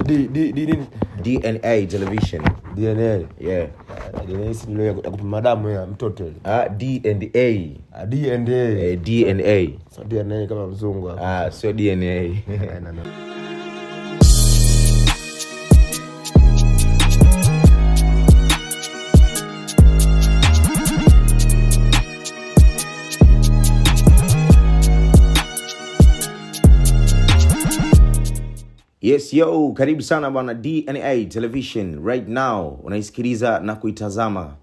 D, D, D, D. DNA television. DNA. Yeah. DNA si ndio ya kupima damu ya mtoto ile. Ah, DNA. Ah, DNA. Eh, DNA. So DNA kama mzungu Ah, sio DNA. Yes yo, karibu sana bwana DNA Television right now, unaisikiliza na kuitazama. Mimi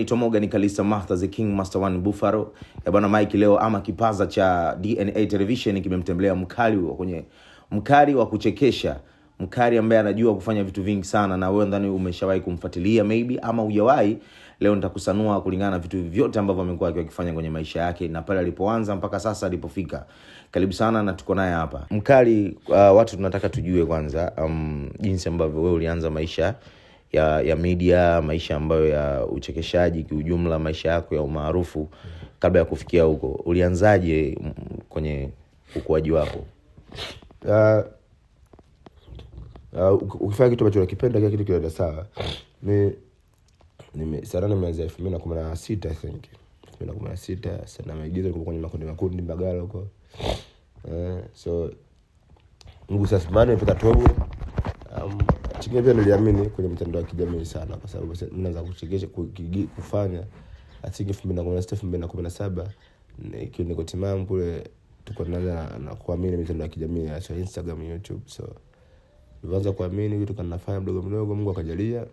naitwa Morgan Kalisa Martha the King Master One Buffalo. Ya bwana Mike leo ama kipaza cha DNA Television kimemtembelea mkali wa kwenye mkali wa kuchekesha, mkali ambaye anajua kufanya vitu vingi sana, na wewe ndani umeshawahi kumfuatilia maybe ama hujawahi. Leo nitakusanua kulingana na vitu vyote ambavyo amekuwa akifanya kwenye maisha yake na pale alipoanza mpaka sasa alipofika. Karibu sana na tuko naye hapa Mkali. Uh, watu tunataka tujue kwanza, um, jinsi ambavyo wewe ulianza maisha ya, ya media, maisha ambayo ya uchekeshaji kiujumla, maisha yako ya umaarufu kabla ya kufikia huko, ulianzaje kwenye ukuaji wako? Uh, uh, ukifanya kitu ambacho nakipenda kila kitu kinaenda sawa. Ni sana elfu mbili na kumi na sita I elfu mbili na kumi na sita sana maigizo kwenye makundi makundi Mbagala huko Uh, so mgusasimano imepata tobo. Um, chingine pia niliamini kwenye mtandao wa kijamii sana, kwa sababu naanza kufanya I think elfu mbili na kumi na sita elfu mbili na kumi na saba ikiwa niko timamu kule tuko tunaanza na kuamini mitandao ya kijamii hasa Instagram, YouTube. So nilianza kuamini vitu kana nafanya mdogo mdogo, Mungu akajalia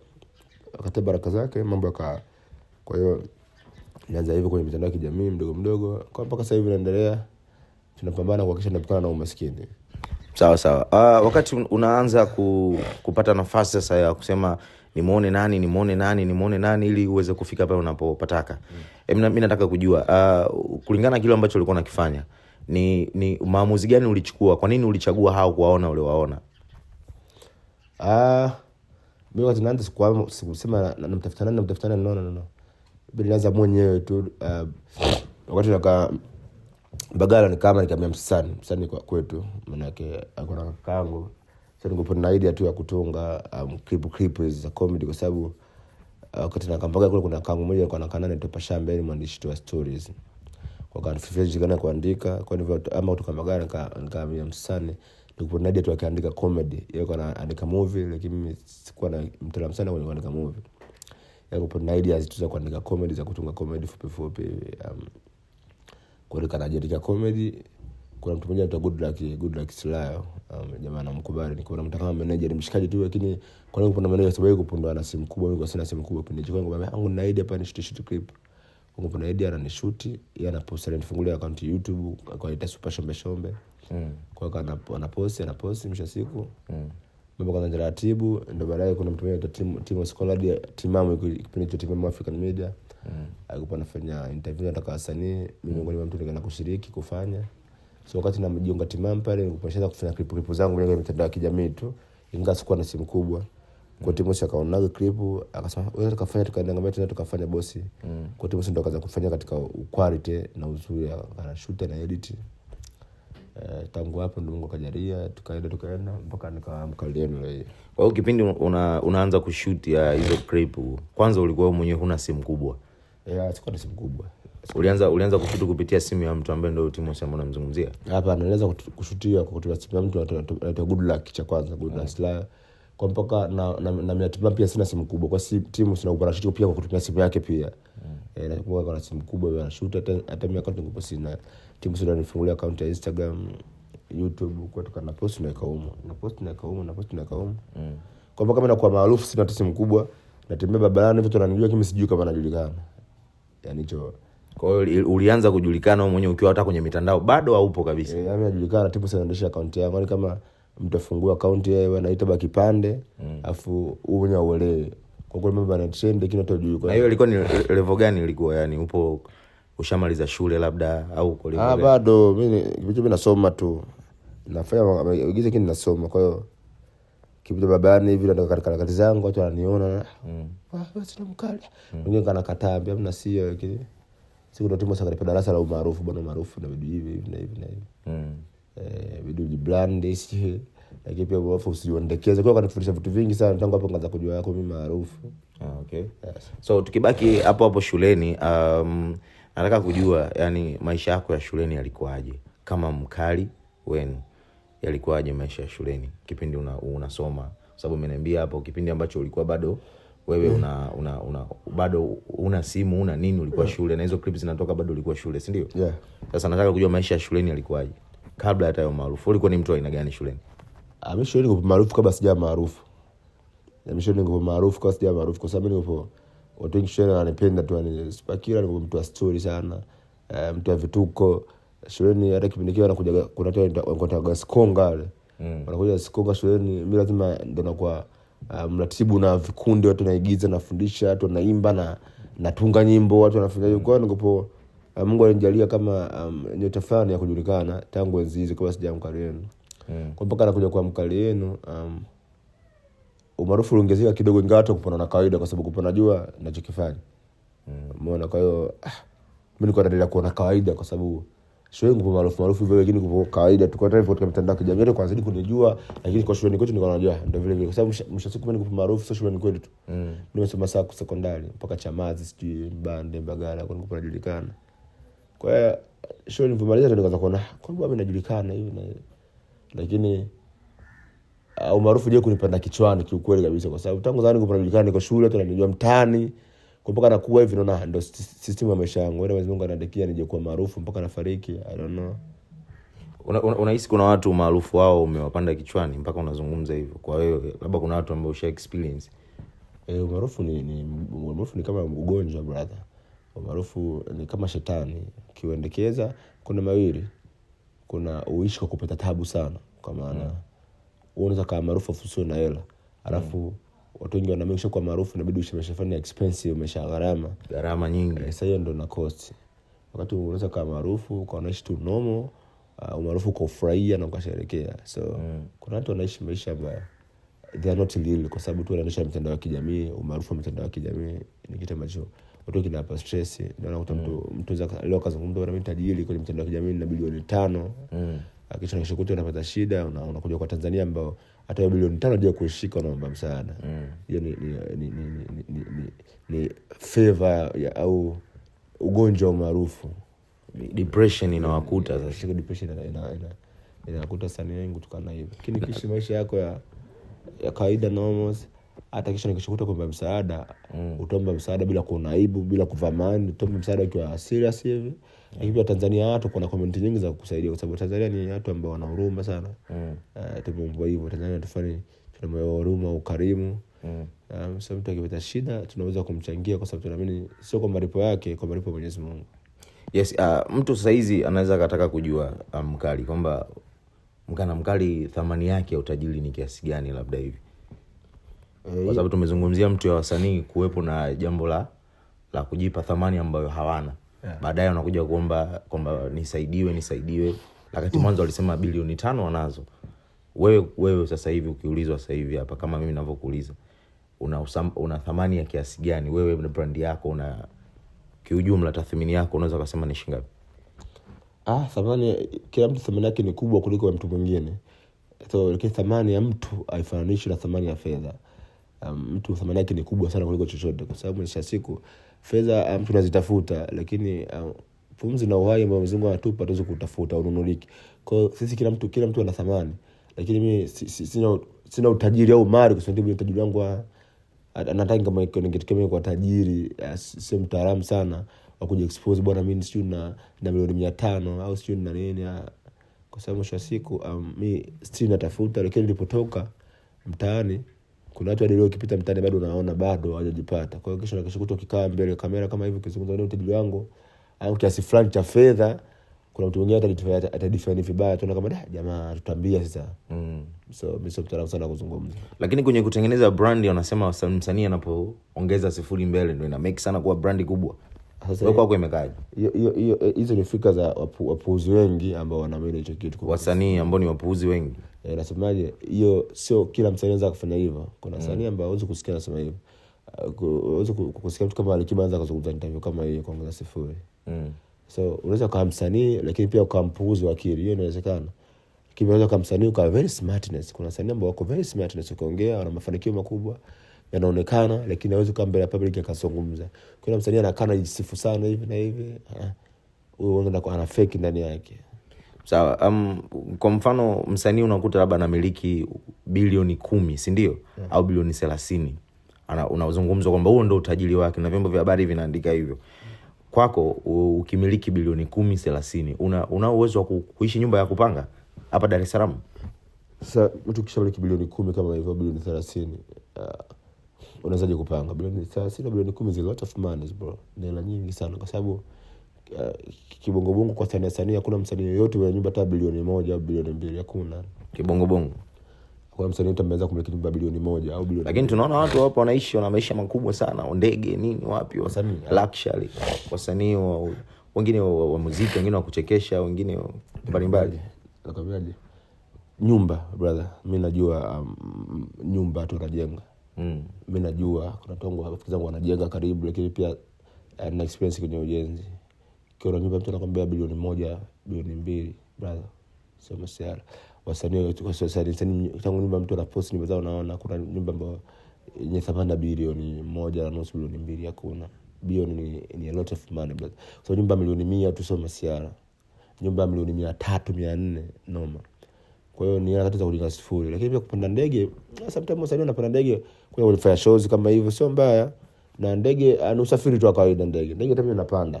akatoa baraka zake, mambo yaka. Kwa hiyo nianza hivyo kwenye mitandao ya kijamii mdogo mdogo, kwa mpaka sasa hivi naendelea tunapambana kuhakikisha tunapukana na umaskini. Sawa sawa. Uh, wakati unaanza ku, kupata nafasi sasa ya kusema nimwone nani nimwone nani nimwone nani ili uweze kufika pale unapopataka. Mm. E, mi nataka kujua uh, kulingana na kile ambacho ulikuwa unakifanya ni, ni maamuzi gani ulichukua? Kwa nini ulichagua hao kuwaona uliowaona? Uh, ah, mi wakati naanza sikusema namtafuta nani namtafuta nani, no, no, no. Bili naanza mwenyewe tu uh, wakati nakaa Bagala ni kama nikamwambia msani msanii kwa kwetu, manake akona kakangu sasa, ningekuwa na idea tu ya kutunga um, clip clip za comedy kwa sababu uh, wakati uh, nakambaga kule kuna kangu mmoja alikuwa anakaa nani topa shamba, ni mwandishi wa stories kwa kan fifeji kana kuandika kwa hivyo ama kutoka magari nikamwambia msanii nikuwa na idea tu akiandika comedy yeye kwa anaandika movie, lakini mimi sikuwa na mtaalamu sana kwenye kuandika movie, yeye kwa na idea za kuandika comedy za kutunga comedy fupi fupi um, kuandika anajiandika comedy kuna mtu mmoja anaitwa Goodluck Goodluck Silayo um, jamaa namkubali nilikuwa mtu kama manager mshikaji tu, lakini kwa nini kuna manager sababu yuko pondo ana simu kubwa, mimi sina simu kubwa pindi changu mama yangu na idea hapa ni shoot shoot clip kwangu kuna idea ananishuti yeye anapost ananifungulia account YouTube kwa ile super shombe shombe mm. kwa hiyo anapost anapost msha siku mm. mambo kwanza taratibu, ndio baadaye kuna mtu mmoja anaitwa Timo Scolari timamu kipindi cha timamu African Media mm mm. alikuwa anafanya interview nataka wasanii mimi miongoni mwa mtu nikaenda kushiriki kufanya so wakati namjiunga timamu pale nimeshaanza kufanya clip clip zangu kwenye mitandao ya kijamii tu ingawa sikuwa na simu kubwa kwa timu kaona akaonaga clip akasema wewe tukafanya tukaenda tena tukafanya bosi mm. kwa timu Timosi ndo kaanza kufanya katika quality na uzuri shoot na edit Uh, tangu hapo ndo Mungu akajalia tukaenda tukaenda mpaka nikaamka leo hii. Kwa hiyo kipindi una, unaanza kushuti hizo clip kwanza, ulikuwa mwenyewe huna simu kubwa Eh, ulianza ulianza kushuti kupitia simu ya mtu ambaye ndo Timothy ambaye namzungumzia Hapa naeleza kushutia kwa kutumia simu ya mtu anaitwa gdlak cha kwanza, Good ah. Kwa mpaka na na, na, na pia sina simu kubwa. kwasi timu sina uparashuti pia kwa kutumia simu yake pia. Hmm. Eh, nakumbuka kwa simu kubwa yeye anashuti hata mi akaunti account sina. Timu sina nifungulia account ya Instagram, YouTube kwa na posti nakaumu Na posti nakaumu na posti nakaumu ikaumo. Mm. Kwa mpaka mimi nakuwa maarufu sina hata simu kubwa. Natembea babarani vitu wananijua, kimi sijui kama najulikana yani hicho kwa hiyo ulianza kujulikana wewe mwenyewe ukiwa hata kwenye mitandao bado haupo kabisa. Eh, mimi najulikana tipu sinaendesha account yangu. Yaani kama mtu afungua account yeye anaita ba kipande, mm. afu wewe mwenyewe uelewe. Kwa kweli mambo yana trend lakini hata hujui. Na hiyo ilikuwa ni level gani ilikuwa yani upo ushamaliza shule labda au uko Ah, bado mimi mimi nasoma tu. Nafanya maigizo lakini nasoma. Kwa hiyo kipita babani hivi natoka katika harakati zangu, watu wananiona na mm. ah, basi mm. wengine kanakataa, ambia mna sio, lakini siku ndo timu sakalipa darasa la umaarufu, bwana maarufu na vidu hivi hivi na hivi na hivi mm. eh vidu brand jibrandi, lakini pia maarufu usijiondekeze kwa, kanifundisha vitu vingi sana tangu hapo nikaanza kujua yako mimi maarufu. Ah, okay. Yes. Eh. So tukibaki hapo hapo shuleni, um, nataka kujua yani maisha yako ya shuleni yalikuwaje kama mkali wenu? yalikuwaje maisha ya shuleni kipindi unasoma una, unasoma, sababu umeniambia hapo kipindi ambacho ulikuwa bado wewe mm. una, una, una bado una simu una nini, ulikuwa yeah. shule na hizo clips zinatoka bado ulikuwa shule, si ndio? Yeah. nataka kujua maisha ya shuleni yalikuwaje kabla hata ya maarufu. Ulikuwa ni mtu aina gani shuleni? Ah, mimi shuleni maarufu kabla sija maarufu. Mimi shuleni maarufu kabla sija maarufu, kwa sababu niko watu wengi shuleni wananipenda tu, yani Pakila, niko mtu wa story sana, eh, mtu wa vituko shuleni hata kipindi kile wanakuja kuna watu wanakuja Sikonga wale mm. wanakuja Sikonga shuleni, mi lazima ndo nakuwa uh, mratibu na vikundi, watu wanaigiza, nafundisha, watu wanaimba na natunga nyimbo, watu wanafanyaje kwao nikopo ah, Mungu alinijalia kama um, nyota fulani ya kujulikana tangu enzi hizo, kabla sija mkali yenu mm. kwa mpaka nakuja kwa mkali yenu um, umaarufu uliongezeka kidogo, ingawa watu kupona na kawaida, kwa sababu kupona najua nachokifanya mm. Umeona, kwa hiyo ah, mi nilikuwa naendelea kuona kawaida kwa sababu siwe ngupo maarufu maarufu hivyo, lakini ngupo kawaida tu. Kwa hivyo katika mitandao ya kijamii yetu kwanza kunijua, lakini kwa shuleni kwetu nilikuwa najua ndio vile vile, kwa sababu msha siku mimi ngupo maarufu sio shuleni kwetu tu mm. nimesoma saa kwa sekondari mpaka Chamazi, sijui Mbande, Mbagala, kwa ngupo najulikana. Kwa hiyo shule nilipomaliza ndio nikaanza kuona ah, kwa ngupo mimi najulikana hivi na lakini ah, umaarufu je kunipanda kichwani kiukweli kabisa, kwa sababu tangu zamani ngupo najulikana, niko shule tunanijua mtaani Kumbuka nakuwa hivi, naona ndo system ya maisha yangu. Mwenyezi Mungu anaandikia nije kuwa maarufu mpaka nafariki. I don't know. Unahisi una, una kuna watu maarufu wao umewapanda kichwani mpaka unazungumza hivyo. Kwa hiyo labda kuna watu ambao usha experience e, umaarufu ni, ni, umaarufu ni kama ugonjwa brother. Umaarufu ni kama shetani kiuendekeza. Kuna mawili, kuna uishi kwa kupata tabu sana, kwa maana mm. unaweza kaa maarufu afusiwe na hela alafu mm watu wengi wanamesha kwa maarufu inabidi ushamesha fani expensive umesha gharama gharama nyingi. Eh, sasa hiyo ndo na cost, wakati unaweza kwa maarufu kwa unaishi tu nomo uh, ah, umaarufu kwa ufurahia na ukasherekea. So mm. kuna watu wanaishi maisha ambayo they are not real kwa sababu tu wanaendesha mitandao ya kijamii. Umaarufu wa mitandao ya kijamii ni kitu ambacho watu kinawapa stress. Ndio unakuta mtu mm. mtu leo kazungumza na mimi tajiri kwenye mitandao ya kijamii na bilioni tano mm. akisha ah, unapata shida, unakuja una kwa Tanzania ambao hata bilioni tano ajua kuishika wanaomba msaada mm. hiyo mm. ni, ni, ni, ni, ni, ni, ni feva au ugonjwa maarufu depression inawakuta sasa depression sani wengi kutokana na hivyo lakini kishi maisha yako ya, ya kawaida nomos hata kesho nikishukuta kwamba msaada mm. utaomba msaada bila kuona aibu, bila kuvamani, utaomba msaada ukiwa serious hivi. Lakini pia Tanzania watu kuna komenti nyingi za kusaidia kwa sababu Tanzania ni watu ambao wana huruma sana mm. Uh, eh, tumeumbwa hivyo. Tanzania tufanye, tuna moyo wa huruma, ukarimu mm. Um, so mtu akipata shida tunaweza kumchangia, kwa sababu tunaamini sio kwa malipo yake, kwa malipo Mwenyezi Mungu. Yes, uh, mtu sasa hizi anaweza kataka kujua uh, mkali kwamba mkana mkali thamani yake ya utajiri ni kiasi gani, labda hivi Eh, kwa sababu tumezungumzia mtu ya wasanii kuwepo na jambo la la kujipa thamani ambayo hawana yeah. Baadaye wanakuja kuomba kwamba nisaidiwe nisaidiwe, wakati mm. mwanzo walisema bilioni tano wanazo. Wewe wewe sasa hivi ukiulizwa sasa hivi hapa kama mimi ninavyokuuliza, una, una thamani ya kiasi gani wewe na brand yako, una kiujumla tathmini yako unaweza kusema ni shilingi ngapi? Ah, thamani kila mtu thamani yake ni kubwa kuliko ya mtu mwingine, so lakini thamani ya mtu haifananishi na thamani ya fedha. mm-hmm um, mtu thamani yake ni kubwa sana kuliko chochote, kwa sababu mwisho wa siku fedha mtu anazitafuta, lakini um, pumzi na uhai ambao Mwenyezi Mungu anatupa tuweze kutafuta ununuliki. Kwa sisi kila mtu, kila mtu ana thamani, lakini mimi sina sina utajiri au mali, kwa sababu utajiri wangu anataka kama ningetokea mimi kwa tajiri, si mtaalamu sana wa kuja expose bwana, mimi sio na na milioni mia tano au sio na nini, kwa sababu mwisho wa siku um, mimi sijui natafuta, lakini nilipotoka mtaani kuna watu hadi leo ukipita mtaani bado unaona bado hawajajipata. Kwa hiyo kesho na kesho kutwa ukikaa mbele kamera kama hivi ukizungumza na mteja wangu au kiasi fulani cha fedha, kuna mtu mwingine atadifani vibaya, tuna kama da ah, jamaa tutambia sasa. Mm. So mimi sio mtaalamu sana kuzungumza, lakini kwenye kutengeneza brandi wanasema msanii anapoongeza sifuri mbele ndio ina make sana kuwa brandi kubwa kwako imekaje? Eh, hizo ni fikra za wapuuzi wengi ambao wanaamini hicho kitu, wasanii ambao ni wapuuzi wengi. E, nasemaje, hiyo sio kila msanii anaweza kufanya hivyo. Kuna wasanii mm. ambao hawezi kusikia nasema hivyo, ah, hawezi kusikia mtu kama Alikiba anza kuzungumza interview kama hiyo kuongeza sifuri. mm. So unaweza ukawa msanii lakini pia ukawa mpuuzi wa akili, hiyo inawezekana. Lakini unaweza ukawa msanii ukawa very smartness. Kuna wasanii ambao wako very smartness, ukiongea wana mafanikio makubwa yanaonekana, lakini awezi kukaa mbele ya public akazungumza. Kuna msanii anakaa anajisifu sana hivi na hivi, ah, huyo ana fake ndani yake. Sawa. Um, kwa mfano msanii unakuta labda anamiliki bilioni kumi si ndio? Yeah. au bilioni thelathini unazungumzwa kwamba huo ndo utajiri wake na vyombo vya habari vinaandika hivyo. Kwako ukimiliki bilioni kumi thelathini una, una uwezo wa kuishi nyumba ya kupanga hapa Dar es Salaam? Sasa mtu kishamiliki bilioni kumi kama hivyo bilioni thelathini uh unawezaje kupanga bilioni thelathini bilioni kumi is fumani lot ni hela nyingi sana kwa sababu uh, kibongobongo kwa Tanzania sani, hakuna msanii yoyote mwenye nyumba hata bilioni moja au bilioni mbili, hakuna kibongobongo. kumiliki nyumba bilioni moja au bilioni, lakini tunaona watu wapo wanaishi wana maisha makubwa sana, ndege nini, wapi, wasanii luxury, wasanii wengine wa muziki, wengine wa kuchekesha, wengine mbalimbali. Nakwambiaje, nyumba brother, mi najua um, nyumba watu mm. mi najua kuna tongo rafiki zangu wanajenga karibu, lakini pia uh, eh, na experience kwenye ujenzi. Kiona nyumba mtu anakwambia bilioni moja bilioni mbili brother, sio masiara. Wasanii tangu nyumba mtu anaposti nyumba zao, naona kuna nyumba ambayo yenye thamani bilioni moja na nusu bilioni mbili hakuna bilioni ni, ni a lot of money brother. So nyumba milioni mia tu sio masiara, nyumba milioni mia tatu mia nne noma kwa hiyo ni harakati za kujenga sifuri. Lakini pia kupanda ndege, sometimes wasanii wanapanda ndege kwenda kufanya shows kama hivyo, sio mbaya. Na ndege ah, ni usafiri tu wa kawaida, ndege ndege tamii napanda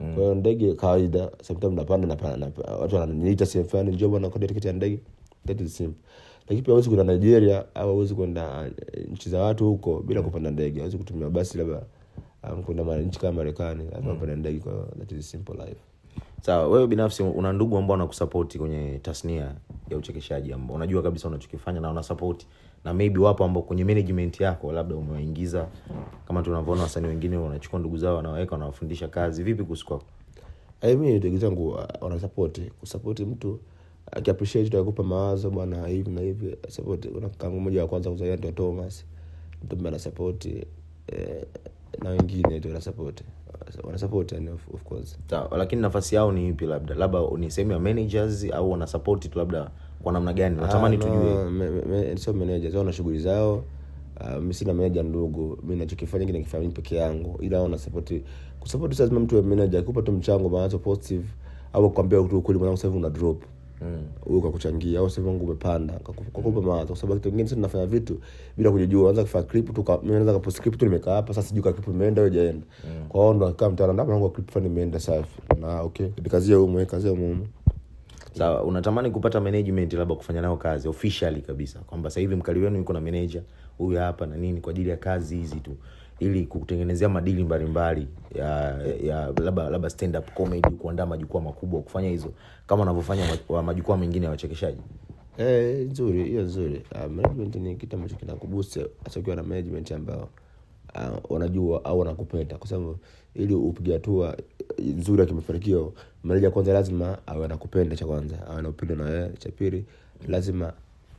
Mm. Kwa hiyo ndege kawaida, sometimes napanda watu wananiita sehemu fulani, njoo bwana, kodi tiketi ya ndege. That is simple. Lakini pia huwezi kwenda Nigeria au huwezi kwenda eh, nchi za watu huko bila kupanda ndege, huwezi kutumia basi labda um, kwenda nchi kama Marekani, lazima mm. upande ndege. Kwa hiyo that is simple life. Sawa, wewe binafsi una ndugu ambao wanakusapoti kwenye tasnia ya uchekeshaji ambao unajua kabisa unachokifanya na wanasapoti, na maybe wapo ambao kwenye management yako labda umewaingiza, kama tunavyoona wasanii wengine wanachukua ndugu zao wanawaweka, wanawafundisha kazi. Vipi kuhusu kwako? Eh, mimi ndugu zangu uh, wanasapoti, kusapoti mtu akiappreciate, akupa mawazo bwana, hivi na hivi support. Kuna kangu mmoja wa kwanza kuzalia ndio Thomas, mtu anasapoti eh, na wengine ndio wanasapoti wanasupport yani of, of course. Sawa, lakini nafasi yao ni ipi? Labda labda ni sehemu ya managers au wanasupport tu labda kwa namna gani? Ah, Natamani ah, no, tujue. Sio managers, wana shughuli zao. Uh, ah, mi sina meneja ndugu, mi nachokifanya hiki nakifanya peke yangu, ila na support kusupport. Lazima mtu wa meneja akupa tu mchango mawazo positive, au kuambia tu ukweli, mwanangu, sasa hivi una drop huyu kakuchangia au sasa wangu umepanda kakupa mawazo, kwa sababu kitu kingine sisi tunafanya vitu bila kujijua. Anza kufanya clip tu, mimi naanza kupost clip tu, nimekaa hapa sasa, sijui clip imeenda au haijaenda. Mm. Kwa hiyo ndo kama mtaalamu wangu clip fani, imeenda safi, na okay, kazi ya huyu kazi ya mume Sawa, mm. unatamani kupata management labda kufanya nao kazi officially kabisa kwamba sasa hivi mkali wenu yuko na manager huyu hapa na nini kwa ajili ya kazi hizi tu ili kutengenezea madili mbalimbali ya, ya labda labda stand up comedy kuandaa majukwaa makubwa kufanya hizo kama wanavyofanya majukwaa mengine ya wachekeshaji. Eh, nzuri hiyo nzuri. Uh, management ni kitu ambacho kinakuboost hasa na management ambao ah, wanajua au wanakupenda kwa sababu ili upige hatua nzuri ya mafanikio, manaja ya kwanza lazima awe anakupenda cha kwanza, awe na upendo na wewe. Cha pili lazima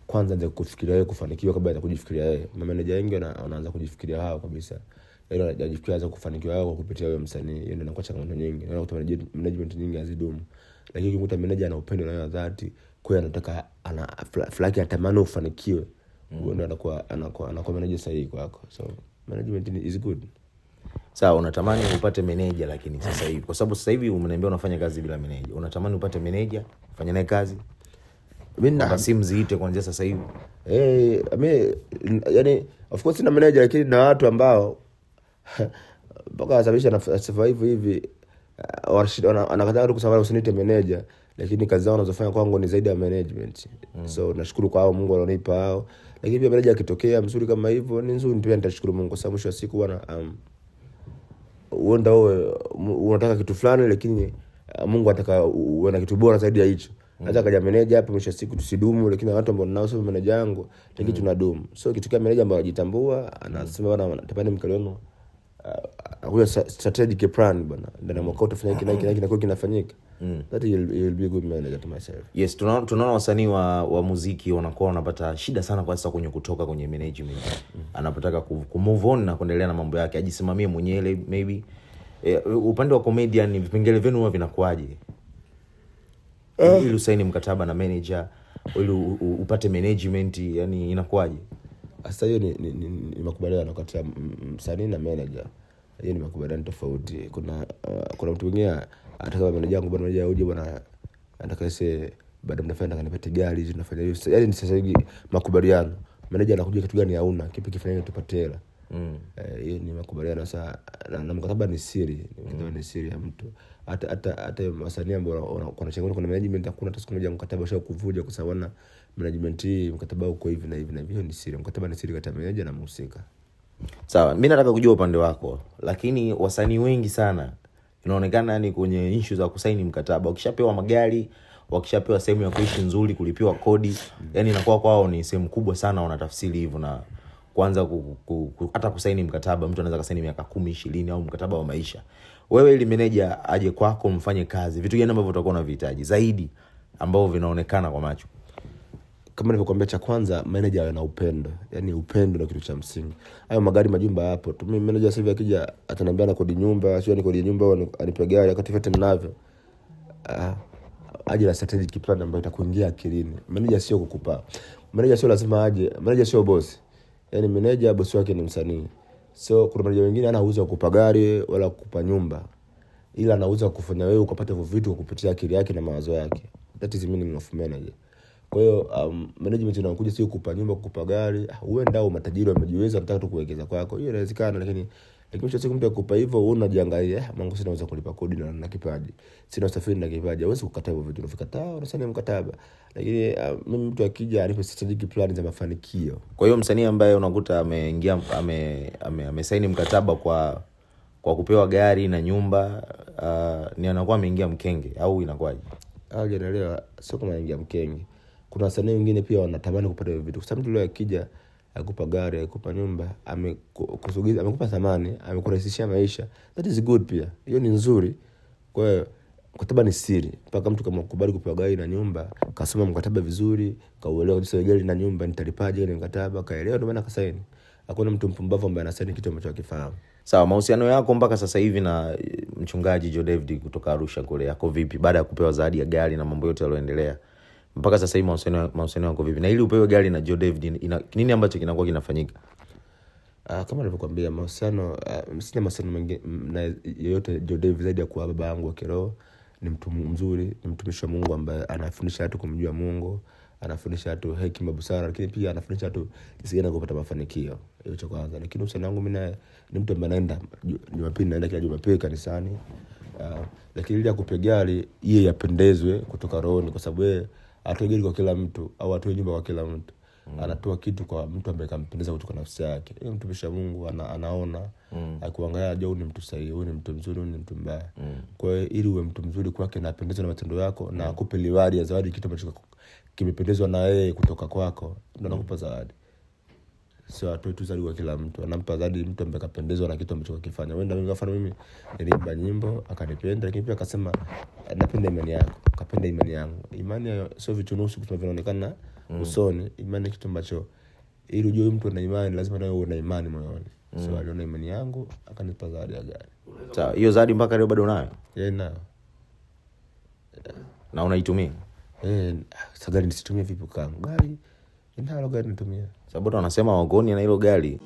kwanza anze kufikiria wewe kufanikiwa kabla ya kujifikiria yeye. Mameneja wengi wanaanza kujifikiria hao kabisa, yaani wanajifikiria anza kufanikiwa wao kwa kupitia wewe msanii. Hiyo ndio inakuwa changamoto nyingi, na kutoa management nyingi hazidumu. Lakini ukimkuta meneja ana upendo na wewe dhati, kwa hiyo anataka ana flaki, anatamani ufanikiwe, huyo ndio anakuwa anakuwa anakuwa meneja sahihi kwako. So management is good. Sawa, unatamani upate meneja lakini sasa hivi, kwa sababu sasa hivi umeniambia unafanya kazi bila meneja, unatamani upate meneja, fanya naye kazi simu ziite kuanzia sasa hivi. Eh, Hey, yani, of course na meneja lakini na watu ambao mpaka wasababisha survive hivi hivi, uh, anakataa tu kusema usinite meneja, lakini kazi zao wanazofanya kwangu ni zaidi ya management. Mm. So nashukuru kwa hao Mungu alionipa hao, lakini pia meneja akitokea mzuri kama hivyo ni nzuri pia, nitashukuru Mungu kwa sababu mwisho wa siku bwana um, uenda wewe unataka kitu fulani, lakini Mungu ataka uwe na kitu bora zaidi ya hicho. Naweza kaja meneja hapo mwisho siku tusidumu, lakini watu ambao ninao sio meneja yangu, lakini tunadumu. So kitu kama meneja ambaye anajitambua anasema, bwana, tapani mkaliona huyo strategic plan bwana, ndio mwaka utafanya hiki na na kinafanyika Yes, tunaona wasanii wa, wa muziki wanakuwa wanapata shida sana kwa sasa kwenye kutoka kwenye management mm. anapotaka ku, na kuendelea na mambo yake ajisimamie mwenyewe maybe. E, upande wa comedian vipengele vyenu huwa vinakuaje eh. ili usaini mkataba na manager ili upate management yani inakuaje Sasa hiyo ni, ni, ni, ni makubaliano kati ya msanii na manager hiyo ni makubaliano tofauti. Kuna uh, kuna mtu mwingine hata meneja wangu bwana, meneja uje bwana, nataka ese baada gari hizi hiyo, yaani ni sasa hivi makubaliano. Meneja anakuja kitu gani hauna kipi kifanyike tupate hela mm. Eh, ni makubaliano sasa, na, na mkataba ni siri, mkataba mm. ni siri ya mtu. Hata hata hata wasanii ambao kuna changamoto, kuna management, hakuna hata siku moja mkataba kuvuja kwa sababu na management hii mkataba uko hivi na hivi na hivi. Ni siri, mkataba ni siri kati ya meneja na mhusika. Sawa, mimi nataka kujua upande wako, lakini wasanii wengi sana inaonekana yani kwenye nshu za kusaini mkataba, wakishapewa magari, wakishapewa sehemu ya kuishi nzuri, kulipiwa kodi, yani inakuwa kwao ni sehemu kubwa sana, wanatafsiri hivyo na kuanza hata kusaini mkataba, mtu anaweza kasaini miaka kumi ishirini au mkataba wa maisha. Wewe ili meneja aje kwako mfanye kazi, vitu gani ambavyo utakuwa unavihitaji zaidi ambavyo vinaonekana kwa macho? kama nilivyokuambia cha kwanza, meneja awe na upendo, yani upendo ndio kitu cha msingi. Hayo magari majumba hapo tu, mimi meneja sasa akija ataniambia na kodi nyumba, sio ni kodi nyumba au anipege gari, wakati vyote ninavyo. Ah, aje na strategic plan ambayo itakuingia akilini. Meneja sio kukupa, meneja sio lazima aje, meneja sio boss, Yani meneja boss wake ni msanii. So kuna meneja wengine ana uwezo wa kukupa gari wala kukupa nyumba, ila ana kufanya wewe ukapata hivyo vitu kupitia akili yake na mawazo yake. That is meaning of manager. Kwa hiyo um, management inakuja sio kupa nyumba, kupa gari. Huenda au matajiri wamejiweza, nataka tu kuwekeza kwako, hiyo inawezekana, lakini lakini mwisho siku mtu akupa hivyo, unajiangalia eh, mwangu, sina uwezo kulipa kodi na na kipaji, sina usafiri na kipaji. Huwezi kukataa hivyo vitu, unavikataa ah, unasaini mkataba. Lakini um, mimi mtu akija anipe strategic plan za mafanikio. Kwa hiyo msanii ambaye unakuta ameingia ame, ame, amesaini mkataba kwa kwa kupewa gari na nyumba uh, ni anakuwa ameingia mkenge au inakuwaje? Ah, sijaelewa, sio kama aingia mkenge kuna wasanii wengine pia wanatamani kupata vitu, kwa sababu mtu leo akija akupa gari akupa nyumba amekusogeza amekupa thamani amekurahisishia maisha, that is good pia, hiyo ni nzuri. Kwa hiyo mkataba ni siri mpaka mtu kama kubali kupewa gari na nyumba, kasoma mkataba vizuri, kauelewa kabisa gari na nyumba nitalipaje ile mkataba, kaelewa, ndio maana kasaini. Hakuna mtu mpumbavu ambaye anasaini kitu ambacho akifahamu. Sawa, mahusiano yako mpaka sasa hivi na eh, mchungaji Joe David kutoka Arusha kule yako vipi, baada ya kupewa zawadi ya gari na mambo yote yaliyoendelea? mpaka sasa hivi mahusiano mahusiano yako vipi? Na ili upewe gari na Joe David, ina, nini ambacho kinakuwa kinafanyika? Uh, kama nilivyokuambia mahusiano uh, sina mahusiano mengi na yoyote Joe David zaidi ya kuwa baba yangu wa kiroho. Ni mtu mzuri, ni mtumishi wa Mungu ambaye anafundisha watu kumjua Mungu, anafundisha watu hekima, busara, lakini pia anafundisha watu jinsi gani kupata mafanikio. Hiyo cha kwanza. Lakini uhusiano wangu mimi ni mtu ambaye naenda Jumapili, naenda kila Jumapili kanisani. Uh, lakini ili akupe gari yeye yapendezwe kutoka rohoni, kwa sababu yeye atoe gari kwa kila mtu au atoe nyumba kwa kila mtu mm. anatoa kitu kwa mtu ambaye kampendeza kutoka nafsi yake. Hiyo mtumisha Mungu ana, anaona mm. akuangalia, je, ni mtu sahihi, huyu ni mtu mzuri, huyu ni mtu mbaya mm. kwa hiyo ili uwe mtu mzuri kwake na apendezwe na matendo yako mm. na akupe liwari ya zawadi, kitu ambacho kimependezwa na yeye kutoka kwako, ndo anakupa mm. zawadi sio atoe tu zawadi kwa kila mtu, anampa zawadi mtu ambaye kapendezwa na kitu ambacho kakifanya. Wenda mimi kafanya mimi niliimba nyimbo akanipenda, lakini pia akasema napenda imani yako, kapenda imani yangu. Imani sio vitu nusu kusema vinaonekana mm. usoni. Imani kitu ambacho ili ujue mtu ana imani lazima nawe uwe na imani moyoni. Mm. So aliona imani yangu akanipa zawadi ya gari. Sawa, hiyo zawadi mpaka leo bado unayo? Yeah, nayo. Na unaitumia? Eh, ah, sasa gari nisitumie vipi kangu gari Ina hilo gari natumia. Sababu wanasema wagoni na hilo gari.